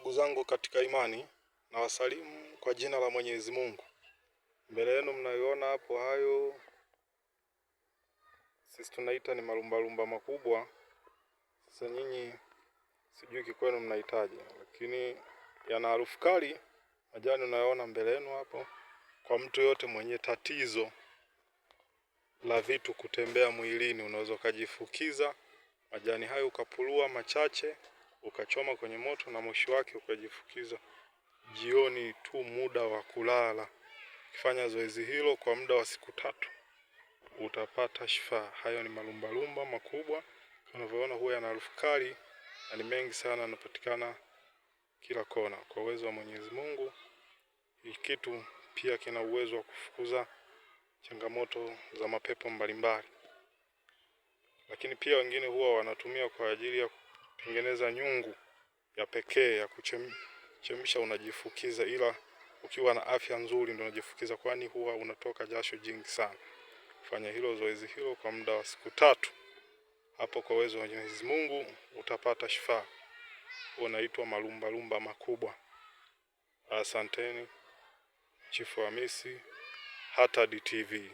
Ndugu zangu katika imani, na wasalimu kwa jina la Mwenyezi Mungu. Mbele yenu mnaiona hapo, hayo sisi tunaita ni marumbarumba makubwa. Sasa nyinyi sijui kikwenu mnahitaji, lakini yana harufu kali. Majani unayoona mbele yenu hapo, kwa mtu yote mwenye tatizo la vitu kutembea mwilini, unaweza ukajifukiza majani hayo ukapulua machache ukachoma kwenye moto na moshi wake ukajifukiza jioni tu muda wa kulala. Ukifanya zoezi hilo kwa muda wa siku tatu utapata shifaa. Hayo ni malumbalumba makubwa unavyoona, huwa yana harufu kali na ni mengi sana, yanapatikana kila kona. Kwa uwezo wa Mwenyezi Mungu, hii kitu pia kina uwezo wa kufukuza changamoto za mapepo mbalimbali, lakini pia wengine huwa wanatumia kwa ajili ya tengeneza nyungu ya pekee ya kuchemsha unajifukiza, ila ukiwa na afya nzuri ndio unajifukiza, kwani huwa unatoka jasho jingi sana. Fanya hilo zoezi hilo kwa muda wa siku tatu, hapo kwa uwezo wa Mwenyezi Mungu utapata shifaa. Unaitwa malumbalumba makubwa. Asanteni Chifu Hamisi, Hatad TV.